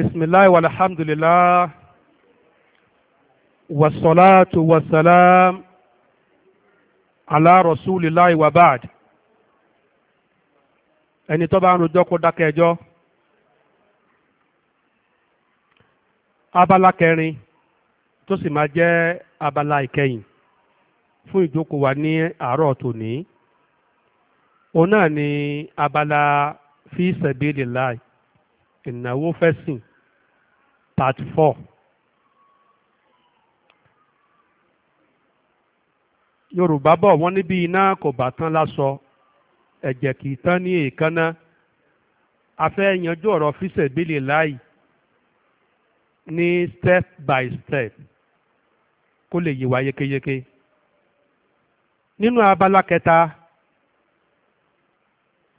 بسم الله والحمد لله والصلاة والسلام على رسول الله وبعد ẹni tó bá ń rojọ́ kó dákẹ́ ẹjọ́ abala kẹrin tó sì máa jẹ́ abala ìkẹyìn fún ìjókòó wa ní àárọ̀ tòní òun náà ni abala fi sabilillah ìnáwó fẹ́sìn part four. yorùbá bọ̀ wọ́n níbi iná kò bá tán lásọ ẹ̀jẹ̀ kì í tán ní èékánná a fẹ́ yanjú ọ̀rọ̀ fíṣẹ̀bílì láì ní step by step kó lè yíwa wa yékéyéké nínú abala kẹta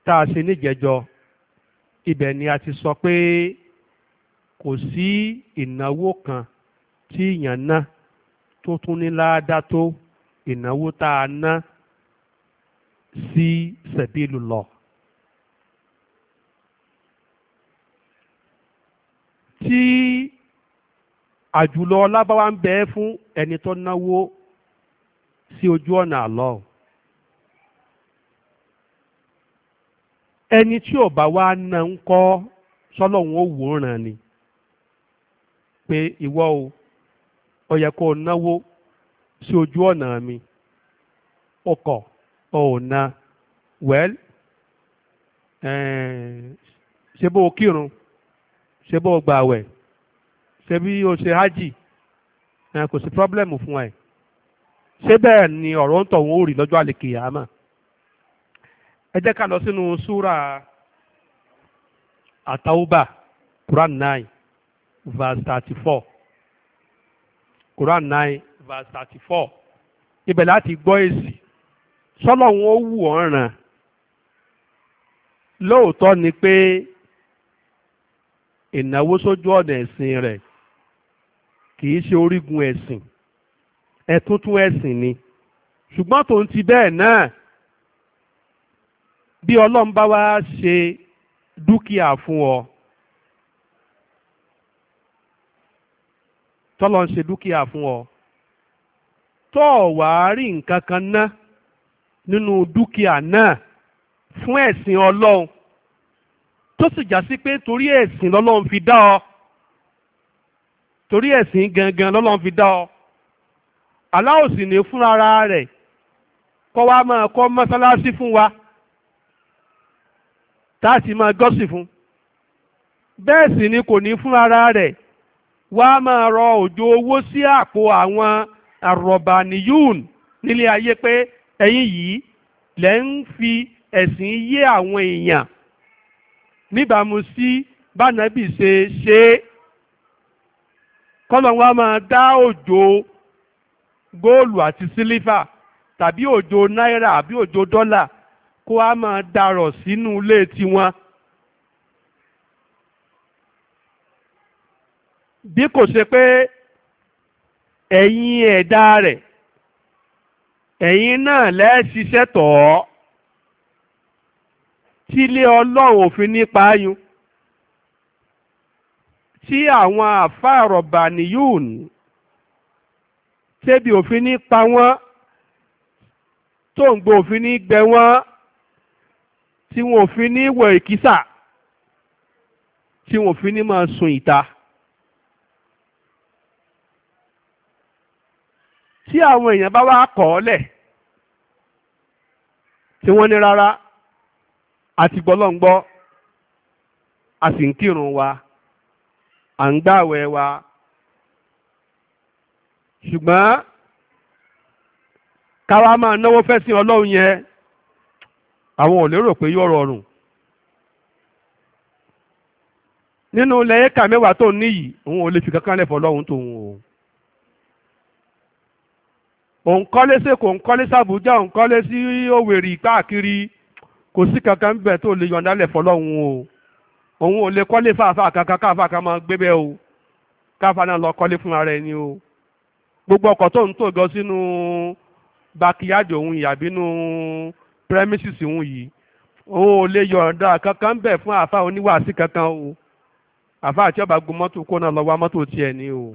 tá a ṣe níjẹjọ ibẹ̀ ni a ti sọ pé. kò sí ìnáwó kan tí èèyàn ná tó tún ní láádá tó ìnáwó tá a ná sí tí àjùlọ ń bẹ fún ẹni tó náwó sí ojú ọ̀nà àlọ́ ẹni tí ò bá wá ná ń kọ́ sọ́lọ́hún ni. pé ìwọ o ó yẹ kó o náwó sí ojú ọ̀nà mi ó kọ̀ ó ò na wẹ́l eh, ṣe bó o kírun ṣe bó o gbààwẹ̀ ṣe bí o ṣe hajj kò sí pírọ́blẹ́mù fún ẹ ṣé bẹ́ẹ̀ ni ọ̀rọ̀ ń tọ̀hún ó rí lọ́jọ́ àlèkìyàmà ẹ jẹ́ ká lọ sínú súra àtàwùbà Quran nine verse thirty Quran nine verse thirty four ibẹ̀ láti gbọ́ èsì sọ́lọ́hún ó wù ọ́ ràn lóòótọ́ ni pé ìnáwó sójú ọ̀nà ẹ̀sìn rẹ̀ kì ṣe orígun ẹ̀sìn ẹ̀túntún ẹ̀sìn ni ṣùgbọ́n tòun ti bẹ́ẹ̀ náà bí ọlọ́run bá wá ṣe dúkìá fún ọ tọ́lọ́ ń ṣe dúkìá fún ọ tó o wá rí nǹkan kan ná nínú dúkìá náà fún ẹ̀sìn ọlọ́run tó sì já sí pé torí ẹ̀sìn lọ́lọ́run fi dá ọ torí ẹ̀sìn gangan lọ́lọ́run fi dá ọ aláwọ̀ ní fúnra rẹ̀ kọ́ wa máa kọ́ mọ́sálásí fún wa tá a sì máa gọ́sì fún bẹ́ẹ̀ sì ni kò ní fúnra rẹ̀ wá máa rọ òjò owó sí àpò àwọn àrọ̀bàníyùn nílé ayé pé ẹ̀yin yìí lẹ́ ń fi ẹ̀sìn yé àwọn èèyàn níbàámu sí bánàbì ṣe ṣe kọ́nà wa máa dá òjò góòlù àti sílífà tàbí òjò náírà àbí òjò dọ́là kó a máa darọ̀ sínú ilé tiwọn. bí kò ṣe pé ẹ̀yin ẹ̀dá rẹ̀ ẹ̀yin náà lẹ́ẹ̀ṣiṣẹ́ tọ̀ ọ́ tílé ọlọ́run òfin nípa ayún tí àwọn àfáàrọ̀bà nìyún tẹ́bi òfin nípa wọ́n tó ń gbọ́ òfin ní gbẹ wọ́n tí wọn òfin ní wọ̀ èkísà tí wọn òfin ní máa sun ìta. tí àwọn èèyàn bá wá kọ̀ ọ́ lẹ̀ tí wọ́n ní rárá a sì ń kírun wa à ń gbààwẹ̀ wa ṣùgbọ́n káwa máa náwó fẹ́ sí ọlọ́run yẹn àwọn ò lérò pé yóò rọrùn nínú ilẹ̀ òun kọ́lé sèkò òun kọ́lé sàbújá òun kọ́lé sí òwèrè káàkiri kò sí kankan ń bẹ̀ tó lè yọ̀ǹda lẹ̀ fọlọ́hún o òun ò lè kọ́lé fàáfà kankan káfà kan máa gbé bẹ́ẹ̀ o káfà náà lọ kọ́lé fún ara ẹni o gbogbo ọkọ̀ tó ń tò gan sínú bákíyáàdì òun yìí àbínú premises òun yìí òun ò lè yọ̀ǹda kankan ń bẹ̀ fún àáfà oníwàásí kankan o àáfà àti ọ̀bàgùn mọ́tò kó náà lọ wá mọ́tò tiẹ̀ ni o.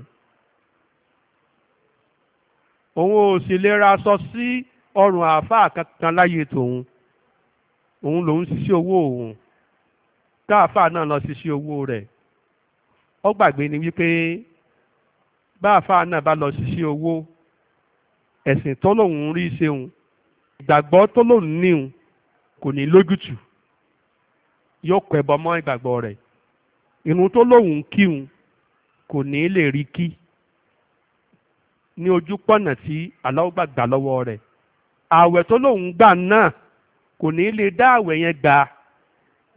òun ò sì lè ra aṣọ sí ọrùn àáfàá kankan láyé tòun òun lòun ṣiṣẹ́ owó òun káàfàá náà lọ ṣiṣẹ́ owó rẹ̀ ó gbàgbé ni wípé báàfàá náà bá lọ ṣiṣẹ́ owó ẹ̀sìn tó lòun rí ṣeun ìgbàgbọ́ tó lòun níhun kò ní lójútù yóò kọ ẹbọ mọ ìgbàgbọ́ rẹ̀ ìrun tó lòun kíhun kò ní lè rí kí. ní ojú pọ̀nà tí aláwọ̀ gbà gbà lọ́wọ́ rẹ̀ ààwẹ̀ tó lòun gbà náà kò ní lè dá ààwẹ̀ yẹn gbà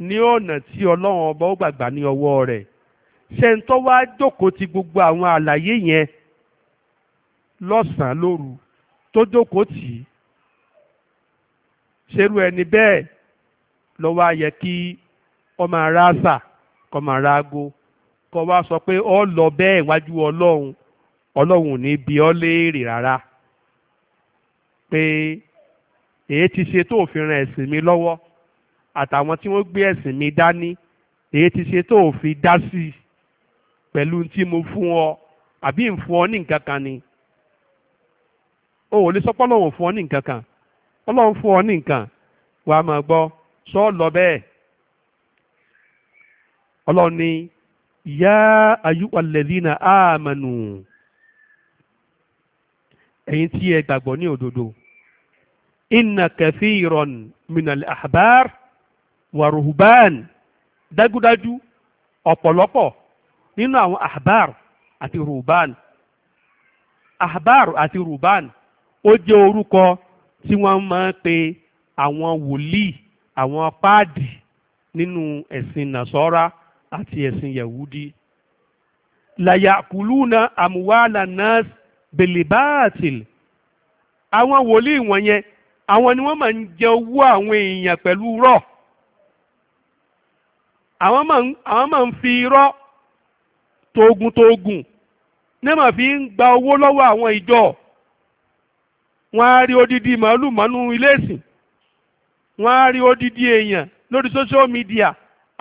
ní ọ̀nà tí ọlọ́run ọba ó gbàgbà ní ọwọ́ rẹ̀ ṣẹ́ńtọ́ wá jókòó ti gbogbo àwọn àlàyé yẹn lọ́sàn-án lóru tó jókòó tì í ṣerú ẹni bẹ́ẹ̀ lọ́wọ́ ayẹ kí ọmọ ara àṣà kọmọ ara ago kọ wá sọ pé ọ lọ bẹ́ẹ̀ wájú ọlọ́run ọlọ́run ò ní bi ọ́ léèrè rárá pé èyí ti ṣe tó fi ran ẹ̀sìn mi lọ́wọ́ àtàwọn tí wọ́n gbé ẹ̀sìn mi dání èyí ti ṣe tó fi dá sí i pẹ̀lú tí mo fún ọ àbí ń fún ọ ní nǹkan kan ni o ò lè sọ pé ọlọ́run fún ọ ní nǹkan kan ọlọ́run fún ọ ní nǹkan wàá máa gbọ́ sọ lọ bẹ́ẹ̀ ọlọ́run ni yá ayúwalẹ̀dínà áàmànù. Ah, ẹ̀yin tí ẹ gbàgbọ́ ní òdodo inna kathiran minal ahbar wa ruhban dájúdájú ọ̀pọ̀lọpọ̀ nínú àwọn ahbar àti ruhban ahbar àti ruhban ó jẹ́ orúkọ tí wọ́n máa ń pe àwọn wòlíì àwọn páàdì nínú ẹ̀sìn nàṣọ́ra àti ẹ̀sìn yahudi la ya'kuluna amwala nas belibaatil àwọn wòlíì wọ̀nyẹn àwọn ni wọ́n máa ń jẹ owó àwọn èèyàn pẹ̀lú rọ̀ àwọn máa ń fi irọ́ togun-togun nígbà fi ń gba owó lọ́wọ́ àwọn ìjọ wọ́n á rí odidi màálù mọ́nú ilé ìsìn wọ́n á rí odidi èèyàn lórí social media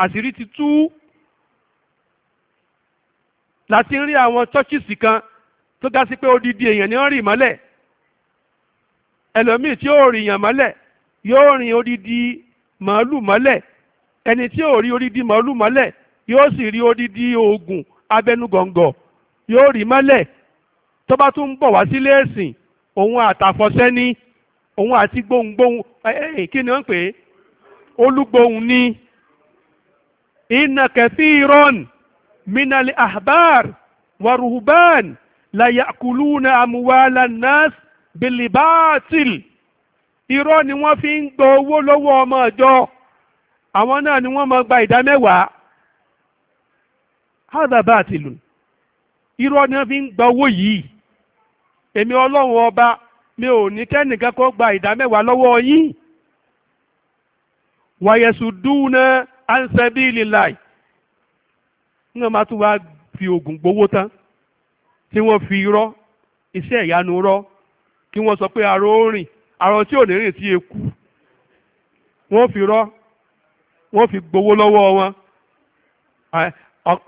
àṣírí ti tú láti rí àwọn chọ́chìsì kan tó dá sí pé odidi èèyàn ni wọ́n rì mọ́lẹ̀ ẹlòmíì tí yóò rìyàn mọ́lẹ̀ yóò rìn odidi màálù mọ́lẹ̀ ẹni tí yóò rí odidi màálù mọ́lẹ̀ yóò sì rí odidi oògùn abẹnugọ̀ngọ̀ yóò rí mọ́lẹ̀ tó bá tún ń bọ̀ wá sílé ẹ̀sìn òun àtàfọ̀sẹ́ òun àti gbohùngbohùn kí ni wọ́n pè é olúgbohùn ní inna kathiran la yakuluna amuwala nas bilibatil irọ́ ni wọ́n fi ń gbọ owó lọ́wọ́ ọmọ ọjọ́ àwọn náà ni wọ́n máa gba ìdá mẹ́wàá hádà irọ́ ni wọ́n fi ń gba owó yìí èmi ọlọ́run ọba mi ò ní kẹ́nìkan kó gba ìdá mẹ́wàá lọ́wọ́ yín wàyẹ̀sù dúnà ansẹ́bílì láì ń gbọ́n máa tún wá fi oògùn gbowó tán. kí wọ́n fi irọ́ iṣẹ́ ìyanu rọ́ kí wọ́n sọ pé arọ orin arọ tí ò ní rìn tí eku wọ́n fi rọ́ wọ́n fi gbowó lọ́wọ́ wọn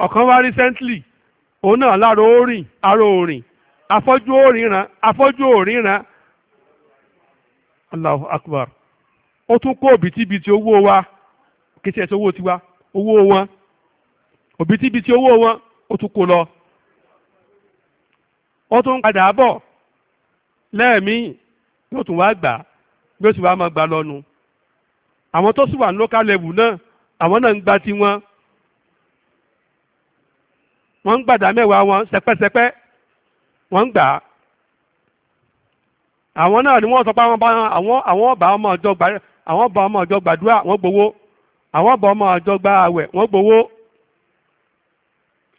ọ̀kan wá recently òun náà láàrọ̀ orin rìn arọ ò rìn afọ́jú ò ríran afọ́jú ò ríran Allahu Akbar ó tún kó òbítíbitì owó wa kí ṣe ẹ̀ owó tiwa owó wọn òbítíbitì owó wọn ó tún kó lọ. ó tún padà bọ̀ lẹ́ẹ̀mí yóò tún wá gbà bí ó sì wá máa gbà lọ́nu àwọn tó sì wà ní local level náà àwọn náà ń gba tiwọn wọ́n ń gbàdá mẹ́wàá wọn sẹpẹ́sẹpẹ́ wọ́n ń gbà á àwọn náà ni wọ́n sọ pé àwọn bá àwọn àwọn ọba ọmọ ọjọ́ gbà àwọn ọba ọmọ ọjọ́ gbàdúrà wọ́n gbowó àwọn ọba ọmọ ọjọ́ gbà àwẹ̀ wọ́n gbowó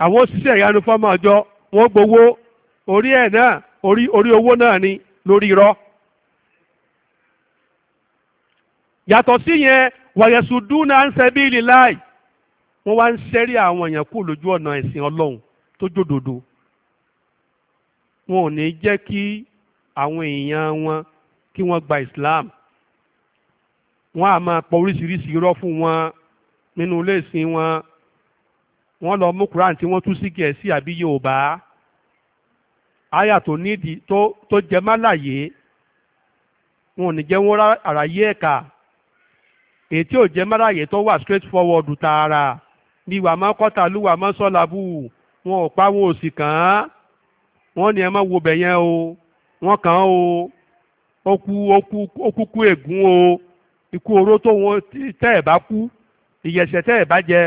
àwọn òṣìṣẹ́ ìyanu fọ́mọ ọjọ́ wọ́n gbowó. orí ẹ̀ náà orí owó náà ni lórí irọ́ yàtọ̀ sí yẹn wàyẹ̀sù dúnà ń ṣe bíi láì wọ́n wá ń ṣẹ́rí àwọn èèyàn kú lójú ọ̀nà ẹ̀sìn ọlọ́run tó jòdòdó wọn ò ní jẹ́ kí àwọn èèyàn wọn kí wọ́n gba Islam wọ́n á máa pọ oríṣiríṣi irọ́ fún wọn nínú ilé ìsìn wọn wọ́n lọ mú Quran tí wọ́n tú sí Gẹ̀ẹ́sì àbí Yorùbá Aya tó nídìí tó tó jẹ má láàyè wọn ò ní jẹ́ wọ́n àráyé ẹ̀ka èyí ò jẹ́ má tó wà straight forward tààrà ní ìwà máa kọ́ta lúwà máa sọ́làbù wọn ò pa wọn ò sì kàn án wọn ní ẹ má wo bẹ̀ yẹn o wọn kàn án o ó kú ó kú ó kú kú ègún o ikú oró tó wọn tẹ́ ẹ̀ bá kú ìyẹ̀sẹ̀ tẹ́ ẹ̀ bá jẹ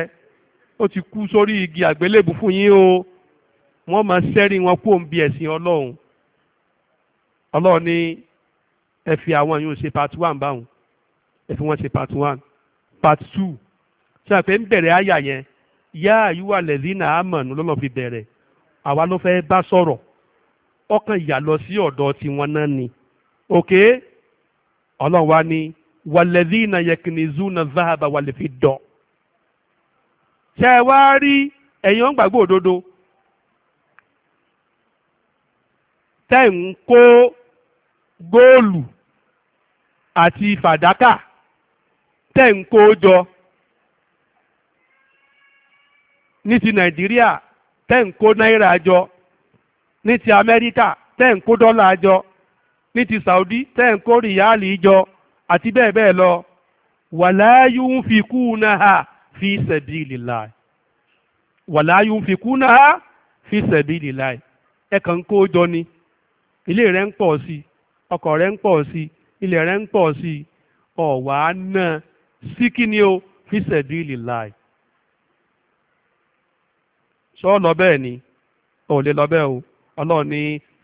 ó ti kú sórí igi àgbélébù yín o wọ́n máa sẹ́rí wọn kó ń bi ẹ̀sìn ọlọ́run ọlọ́run ní ẹ fi àwọn yòó ṣe part one báwọn ẹ fi wọ́n ṣe part one part two ṣàpẹ́ ń bẹ̀rẹ̀ àyà yẹn yá àyúwà lẹ́línà àmọ̀nù lọ́lọ́ fi bẹ̀rẹ̀ àwa ló fẹ́ bá sọ̀rọ̀ ọkàn ìyà lọ sí ọ̀dọ̀ tiwọn náà ni òkè ọlọ́run wa ni wàlẹ́línà na záhàbà wàlẹ́fì dọ̀ ṣẹ́ wá rí ẹ̀yàn gbàgbọ́ òdodo tẹ́ ń kó góòlù àti fàdákà tẹ́ ń kó jọ ní ti nàìjíríà tẹ́ ń kó náírà jọ ní ti amẹ́ríkà tẹ́ ń kó dọ́là jọ ní ti saudi tẹ́ ń kó rìyáàlì jọ àti bẹ́ẹ̀ bẹ́ẹ̀ lọ wàláyú ń fi kú náà fi sabilillah wàláyú ń fi kú náà fi sabilillah ẹ̀ kàn ń kó jọ ni. ilé rẹ ń pọ̀ sí i ọkọ̀ rẹ̀ ń pọ̀ sí i ń pọ̀ sí i ọ̀wà náà sí kí ni o fi sẹ̀díìlì láì. sọ lọ bẹ́ẹ̀ ni ò lè lọ bẹ́ẹ̀ o ọlọ́run ní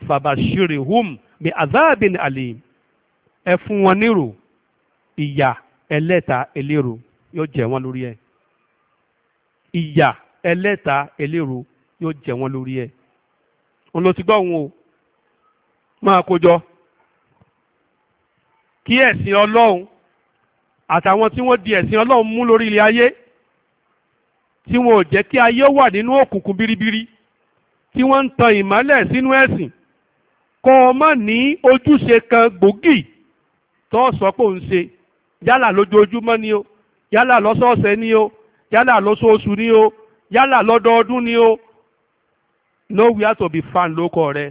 fàbàṣírì hum bí azaabin ali ẹ fún wọn nírò ìyà ẹlẹ́ta eléro yóò jẹ wọ́n lórí ẹ̀ ìyà ẹlẹ́ta eléro yóò jẹ máa kójọ kí ẹ̀sìn ọlọ́run àtàwọn tí wọ́n di ẹ̀sìn ọlọ́run mú lórí ilẹ̀ ayé tí wọn ò jẹ́ kí ayé wà nínú òkùnkùn biribiri tí wọ́n ń tan ìmọ́lẹ̀ sínú ẹ̀sìn kọ́ ọ mọ̀ ní ojúṣe kan gbòógì tó sọ pé òun ṣe yálà lójoojúmọ́ ni o yálà lọ́sọ̀ọ̀sẹ̀ ni o yálà lọ́sọ̀ọ̀sù ni o yálà lọ́dọọdún ni o nowhere to be found lóko rẹ̀.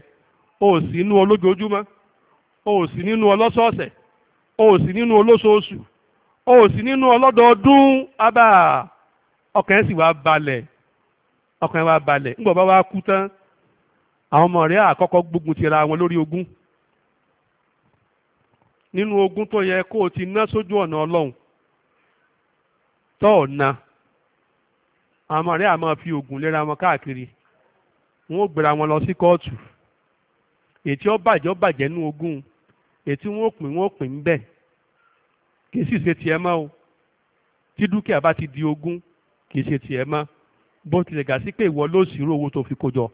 o si sí nínú olójoojúmọ́ o ò nínú ọlọ́sọ̀ọ̀sẹ̀ o si n'inu nínú olóṣooṣù o si n'inu nínú ọlọ́dọọdún abá ọkàn si sì wá balẹ̀ ọkàn wá balẹ̀ ńgbọ̀n bá wá kú tán àwọn ọmọ rẹ̀ àkọ́kọ́ gbógun ti ra wọn lórí ogún nínú ogún tó yẹ kó o ti ná sójú ọ̀nà ọlọ́run tọ́ na àwọn ọmọ rẹ̀ àmọ́ fi ogun lera wọn káàkiri wọn ó gbéra wọn lọ sí kóòtù. ètí ó bàjẹ́ ó bàjẹ́ nú ogún ètí wọn ò pín wọn ò pín ń bẹ̀ kì í sì ṣe tiẹ̀ mọ́ o tí dúkìá bá ti di ogún kì í ṣe tiẹ̀ mọ́ bó tilẹ̀ gà sí pé ìwọ ló ṣírò owó tó fi kó jọ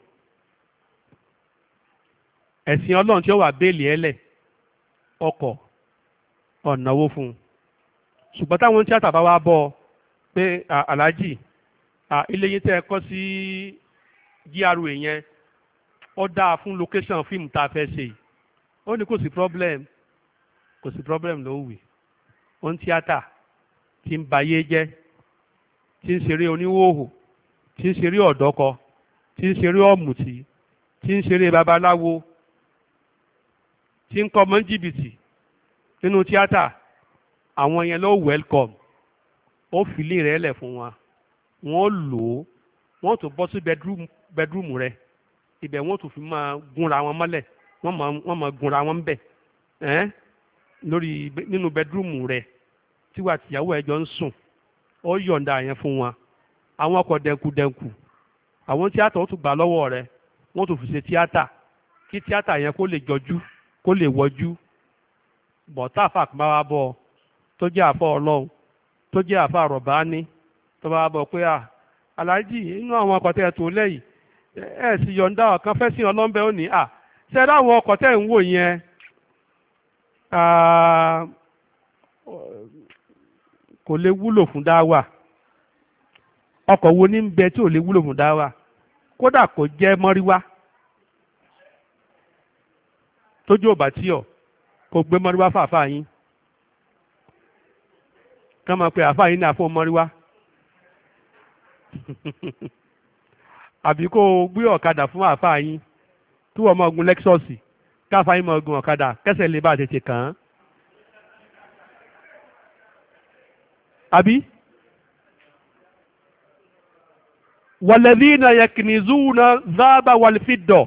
ẹ̀sìn ọlọ́run tí ó wà béèlì ẹlẹ̀ ọkọ̀ ọ̀nàwó fún un ṣùgbọ́n táwọn tíátà bá wá bọ́ ọ pé aláàjì ilé yín ẹ kọ́ sí GRA yẹn ó dáa fún location fíìmù tá a fẹ́ ṣe ó ní kò sí problem kò sí problem ló wì ó ń tíátà tí ń bayé jẹ́ tí ń ṣeré oníwòhò tí ń ṣeré ọ̀dọ́kọ tí ń ṣeré ọ̀mùtí tí ń ṣeré babaláwo tí ń kọ́ mọ́ jìbìtì nínú tíátà àwọn yẹn ló welcome ó fìlí rẹ̀ lẹ̀ fún wa wọ́n lò ó wọ́n tún bọ́ sí bedroom bedroom rẹ̀ ibẹ̀ wọ́n tún fi máa gúnra wọn mọ́lẹ̀ wọ́n máa wọ́n máa gúnra wọn bẹ̀ ẹ́n lórí nínú bẹ́dúrúmù rẹ̀ tíwà tìyàwó ẹ̀jọ́ ń sùn ó yọ̀ǹda yẹn fún wọn àwọn ọkọ̀ dẹ̀kùdẹ̀kù àwọn tíátà ó tún gbà lọ́wọ́ rẹ̀ wọ́n tún fi ṣe tíátà kí tíátà yẹn kó lè jọjú kó lè wọjú bọ̀tá àfàkùnmáwá bọ̀ tó jẹ́ àfọ ọlọ́run tó jẹ́ àfọ àrọ̀bá ní tó bá bọ̀ pé à aláàjì inú àwọn ọkọ̀ tẹ́ ẹ tó lẹ́yìn ẹ sì yọ̀ǹda ọ̀kan fẹ́ sí ọlọ́mbẹ ó ní à ṣe láwọn ọkọ̀ tẹ̀ ń wò yẹn kò lè wúlò fún dáwà ọkọ̀ wo ní ń bẹ tí ò lè wúlò fún dáwà kódà kò jẹ́ mọ́ríwá tójú ò bá tí ọ̀ kò gbé mọ́ríwá fàáfàá yín kán máa pe àfáà yín ní àfọ̀ mọ́ríwá. àbí kó o gbé ọ̀kadà fún àáfàá yín tí wọ́n mọ ogun lẹ́kṣọ̀sì káfá yín mọ ogun ọ̀kadà kẹ́sẹ̀ lè bá tètè kàn án. àbí wàlẹ́dínà yẹkìnìzúnà záàbà wàlfídọ̀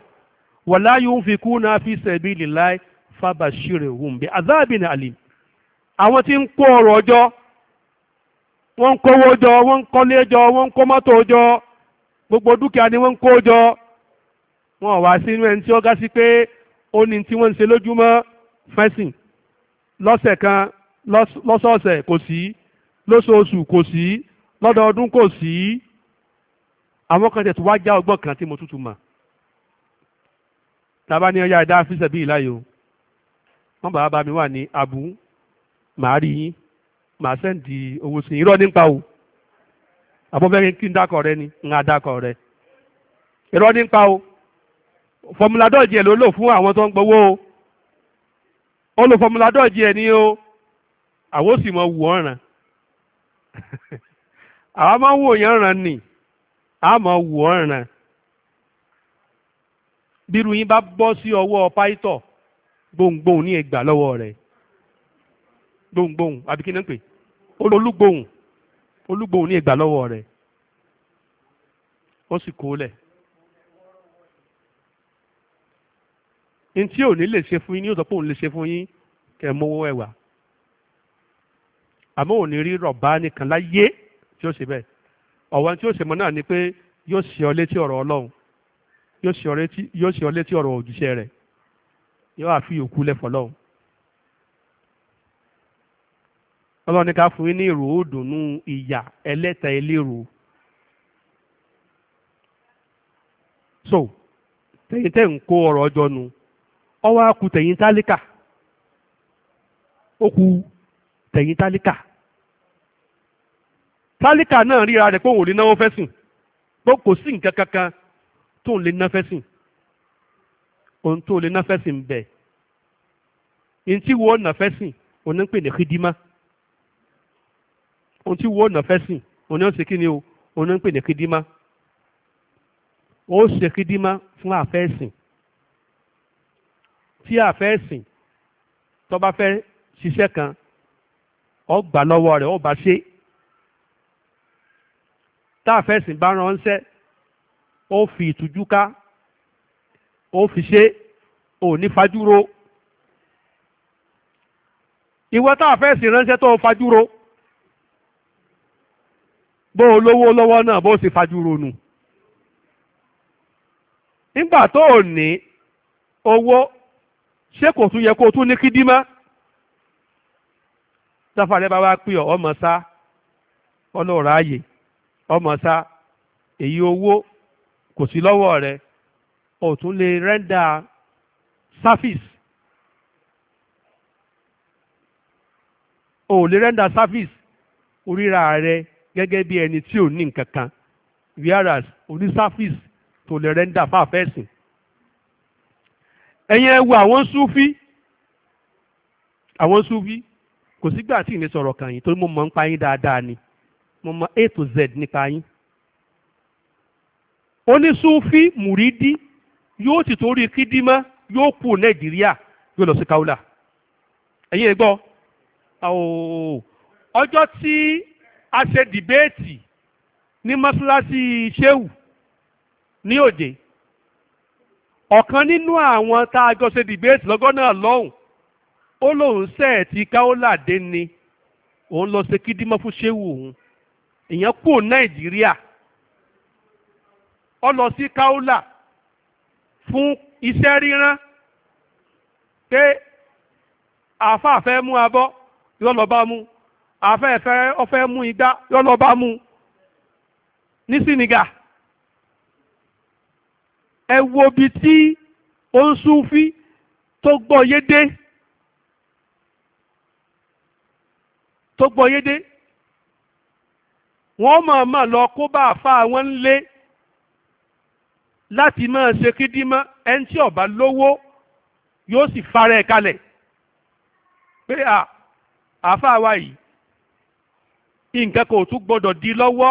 wàlá yunfikuna fi sabilillahi fabashirhum bi azabin alim. àwọn tí ń kó ọrọ̀ jọ wọ́n ń kówó jọ wọ́n ń kọ́lé jọ wọ́n ń kó mọ́tò jọ gbogbo dúkìá ni wọ́n ń kó jọ wọn ò wá sínú ẹni tí ó gá sí pé ó ní tí wọ́n ń ṣe lójúmọ́ fẹ́sìn lọ́sẹ̀ kan lọ́sọ̀ọ̀sẹ̀ kò sí lóṣooṣù kò sí lọ́dọọdún kò sí àwọn kan tẹ̀ wá já ọgbọ́n kan tí mo tútù mà tàbá ní ọyá ẹ̀dá fíṣẹ̀ bí ìláyè wọ́n bàbá mi wà ní abu màá rí yín màá sẹ́ǹdì owó sí irọ́ nípa o àbọ̀fẹ́ kí n dákọ̀ rẹ ni ń adákọ̀ rẹ irọ́ ní pa o fọmùlà dọ́ọ̀jì ẹ̀ ló lò fún àwọn tó ń gbowó o ó lo fọmùlà dọ́ọ̀jì ẹ̀ ní o àwọn ò sì mọ wù ọ́ ràn àwa máa ń wò yẹn ràn ni a máa wù ọ́ ràn bírú yín bá bọ́ sí ọwọ́ pàìtọ̀ gbohùngbohùn ní ẹgbàá lọ́wọ́ rẹ̀ gbohùngbohùn àbí ni ń pè olùgbòhùn olúgbòhun ní ìgbà lọ́wọ́ rẹ̀ ó sì kó lẹ̀. ní tí ò lè fún yín ní òtọ́ pé fún yín kẹ́ ẹ mówó ẹ̀wà àmọ́ òní rí rọ̀bá nìkan láyé tí ó ṣe bẹ́ẹ̀ tí ó ṣe mọ́ náà ni pé yóò ṣe ọ létí ọ̀rọ̀ ọlọ́run ọlọ́run ní ká fún yín ní ìrò òdùnnú ìyà ẹlẹ́ta eléro. so tẹ̀yìn tẹ̀ ń kó ọ̀rọ̀ ọjọ́ nu ọwọ́ á ku tẹ̀yìn tálíkà ó ku tẹ̀yìn tálíkà tálíkà náà ríra rẹ̀ pé òun ò lè náwó fẹ́ sìn pé kò sí nǹkan kankan tó ń lè ná fẹ́ ohun tó lè ná fẹ́ bẹ̀ ní wo ná fẹ́ òun ń pè ní xidima ohun tí wọ́n náà fẹ́ sìn òun ni ó ń ṣe kí ni o òun ni ó ń pè ní kídímà ó ṣe kídímà fún àfẹ́sìn tí àfẹ́sìn tó bá fẹ́ ṣiṣẹ́ kan ó gbà lọ́wọ́ rẹ̀ ó bá ṣe tá àfẹ́sìn bá ránṣẹ́ ó fi ìtújú ká ó fi ṣe ò ní fajúro ìwọ tá àfẹ́sìn ránṣẹ́ tó fajúro. bó o lọ́wọ́ náà bó o nígbà tó ní owó ṣé kò yẹ kó tún ní kídímá bá wá pè ọ́ ọmọ sá ọlọ́ọ̀rọ̀ ààyè ọmọ sá èyí owó kò sí lọ́wọ́ rẹ o tún lè rẹ́ńdà gẹ́gẹ́ bí ẹni tí ò ní nǹkan kan whereas onísàfíìs tó lè rẹ́ńdà fáfẹ́sìn. ẹ̀yin ẹ wo àwọn súfí àwọn súfí kò sígbà tí ìní sọ̀rọ̀ kàn yín torí mo mọ̀ ń pa yín dáadáa ni mo mọ̀ a to z nípa yín. onísúfí mùrídí yóò sì torí kídímọ́ yóò kú nàìjíríà yóò lọ sí kaula ẹ̀yin ẹ gbọ́ ọjọ́ tí a ṣe dìbéètì ní mọ́ṣáláṣí ṣéwù ní òde ọ̀kan nínú àwọn tá a jọ ṣe dìbéètì lọ́gọ́ náà lọ́hùn ó lóun ṣẹ̀ ti káóládé ni òun lọ ṣe kídímọ́ fún ṣéwù òun èèyàn kù nàìjíríà ó lọ sí káólà fún iṣẹ́ ríran pé àáfàá fẹ́ mú abọ́ yóò lọ bá mú àfẹ́ẹ̀fẹ́ ọfẹ́ mú igbá yọ́lọ́ba mú ní sínìgà ẹ wo bi tí ó ń súnfí tó gbọ́ yédé tó gbọ́ yédé wọ́n mọ̀ọ́mọ̀ lọ kó bá àfa wọn lé láti máa ṣe kídímọ́ ẹni tí ọba lówó yóò sì fara ẹ̀ kalẹ̀ pé àfa wa yìí nǹkan kò tún gbọdọ̀ di lọ́wọ́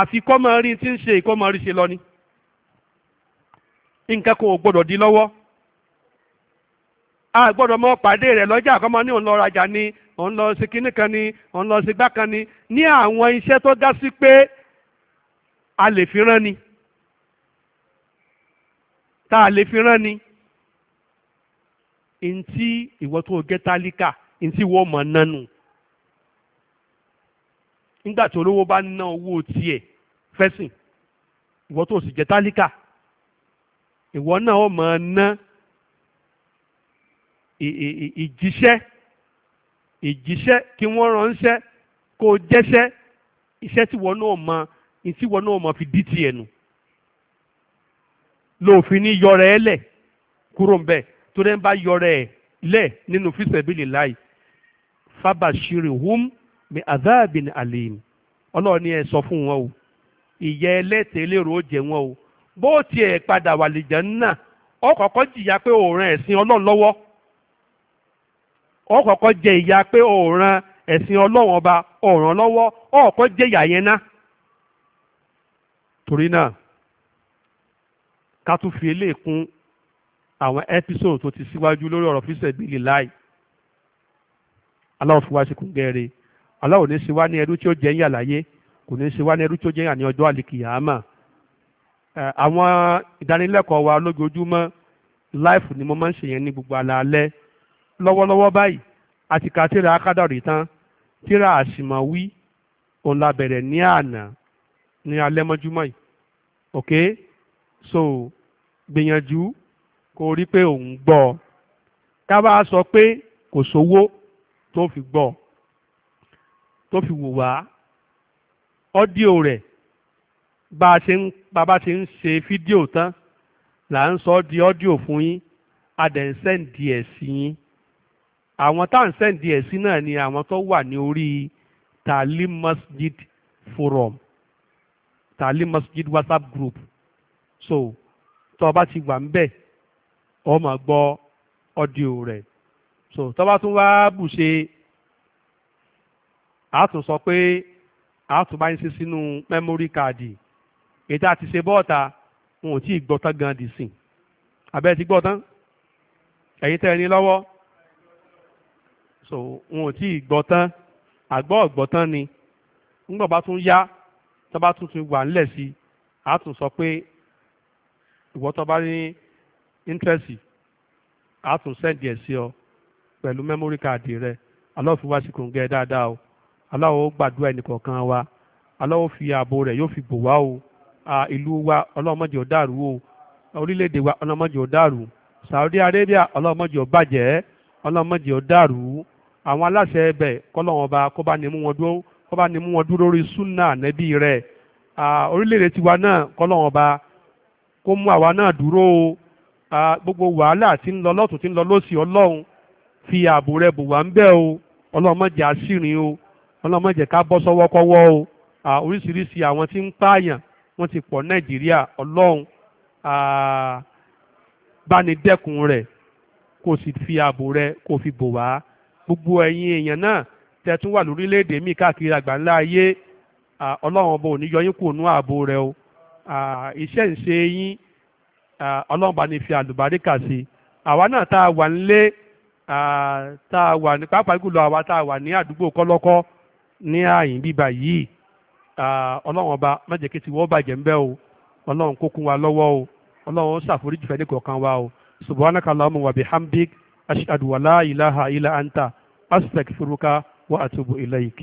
àfi kọ́mọ rí ti ń ṣe ìkọ́mọ rí ṣe lọ ni nǹkan kò gbọdọ̀ di lọ́wọ́ a gbọdọ̀ mọ pàdé rẹ̀ lọ́jà kọ́mọ ní òun lọ rajà ni òun lọ sí kinní kan ni òun lọ sí gbá kan ni ní àwọn iṣẹ́ tó dá sí pé a lè fi rán ni ta a lè fi rán ni ntí ìwọ tó gẹ́tálíkà ntí wọ́n mọ̀ nánu nígbà tí olówó bá ná owó tiẹ̀ fẹ́sìn ìwọ tó sì jẹ́ tálíkà ìwọ náà ó máa ná ìjíṣẹ́ ìjíṣẹ́ kí wọ́n ránṣẹ́ kó o jẹ́ṣẹ́ iṣẹ́ tí wọ́n náà mọ tí wọ́n náà mọ fi dí tiẹ̀ nù lófin ní yọrẹ ẹ lẹ̀ kúrò ń tó dẹ́n bá yọrẹ ẹ lẹ̀ nínú fíṣẹ̀bìlì láì fábàṣírí hùm mi azabin alim ọlọ́run ni ẹ sọ fún wọn o ìyà ẹlẹ́tẹ̀ eléro ó jẹ wọn o bó tiẹ̀ padà wà lìjẹ́ náà ọ kọ́kọ́ jìyà pé òòrùn ẹ̀sìn ọlọ́run lọ́wọ́ ọ kọ́kọ́ jẹ ìyà pé òòrùn ẹ̀sìn ọlọ́run ọba ọ̀ràn lọ́wọ́ ọ kọ́kọ́ jẹ ìyà yẹn ná torí náà ká tún fi eléyìí kún àwọn ẹ́písòdù tó ti síwájú lórí ọ̀rọ̀ fíṣẹ̀ bíi lè láì aláwọ̀ fi wá ṣe gẹ́rẹ́ Allah ò ní sí wá ní ẹrú tí ó jẹ́ yà láyé kò ní sí wá ní ẹrú tí ó jẹ́ yà ní ọjọ́ àlìkìyàmà àwọn ìdánilẹ́kọ̀ọ́ wa lójoojúmọ́ life ni mo máa ń ṣe yẹn ní gbogbo alaalẹ́ lọ́wọ́lọ́wọ́ báyìí àti ka tíra akádọ̀rì tán tíra àṣìmọ̀wí òun la bẹ̀rẹ̀ ní àná ní alẹ́ mọ́júmọ́ yìí ok so gbìyànjú kò rí pé òun gbọ́ ọ ká bá sọ pé kò sówó tó fi gbọ́ ọ tó fi wò wá ọ́díò rẹ̀ bá a ṣe ń bàbá ṣe ń ṣe fídíò tán là ń sọ di ọ́díò fún yín a dẹ̀ ń sẹ́ǹdì ẹ̀ sí yín àwọn tá à ẹ̀ sí náà ni àwọn tó wà ní orí talim masjid forum talim masjid whatsapp group so tó o bá ti wà ń bẹ̀ o máa gbọ́ ọ́díò rẹ̀ so tó bá tún wá bù ṣe a tún sọ pé a tún bá ń ṣe sínú mẹ́mórí káàdì ètò àti ṣe bọ́ọ̀ta wọn ò tí ì gbọ́ tán gan dì sìn abẹ́ ti gbọ́ tán ẹ̀yin tẹ́ ẹ ní lọ́wọ́ so wọn ò tí ì gbọ́ tán àgbọ́ ọ̀gbọ́ tán ni nígbà bá tún yá tó bá tún ti wà ńlẹ̀ sí a tún sọ pé ìwọ tó bá ní íńtírẹ́sì a tún sẹ́ǹdì ẹ̀ sí ọ pẹ̀lú mẹ́mórí káàdì rẹ alọ́ọ̀fin wá sí kòǹgẹ́ dáadáa o. Allah ó gbàdúrà ẹnìkọ̀ọ̀kan wa Allah fi ààbò rẹ̀ yóò fi bò wá o ìlú wa Allah má wa Allah má Saudi Arabia àwọn aláṣẹ ẹbẹ̀ kọ́lọ́wọ́n ba kó bá ní mú wọn dúró kó bá ní mú gbogbo wàhálà tí ń lọ lọ́tún tí ń lọ lọ́sì ọlọ́run fi ààbò rẹ̀ wá ń ọlọ́mọ jẹ́ ká bọ́ sọ́wọ́ kọ́wọ́ o oríṣiríṣi àwọn tí ń pààyàn wọ́n ti pọ̀ nàìjíríà ọlọ́run bá ní dẹ́kun rẹ̀ kó sì fi ààbò rẹ̀ kó fi bò wá gbogbo ẹ̀yin èèyàn náà tẹ́ tún wà lórílẹ̀‐èdè míì káàkiri àgbáńlá ayé ọlọ́run ọba ò ní yọ yín kúrò nú ààbò rẹ̀ o iṣẹ́ ìṣe yín ọlọ́run bá ní fi àlùbáríkà sí àwa náà tá a wà nílé tá a wà ní pàápàá jùlọ àwa tá a wà ní àdúgbò kọ́lọ́kọ́ ní ààyè bíbá yìí ọlọ́run ọba má jẹ́ kí tiwọ́ bàjẹ́ ńbẹ́ o ọlọ́run kó wa lọ́wọ́ o ọlọ́run ṣàforíjì fẹ́ ní wa o subhanaka allahumma wa bihamdik ashhadu wa la ilaha illa anta astaghfiruka wa atubu ilayk.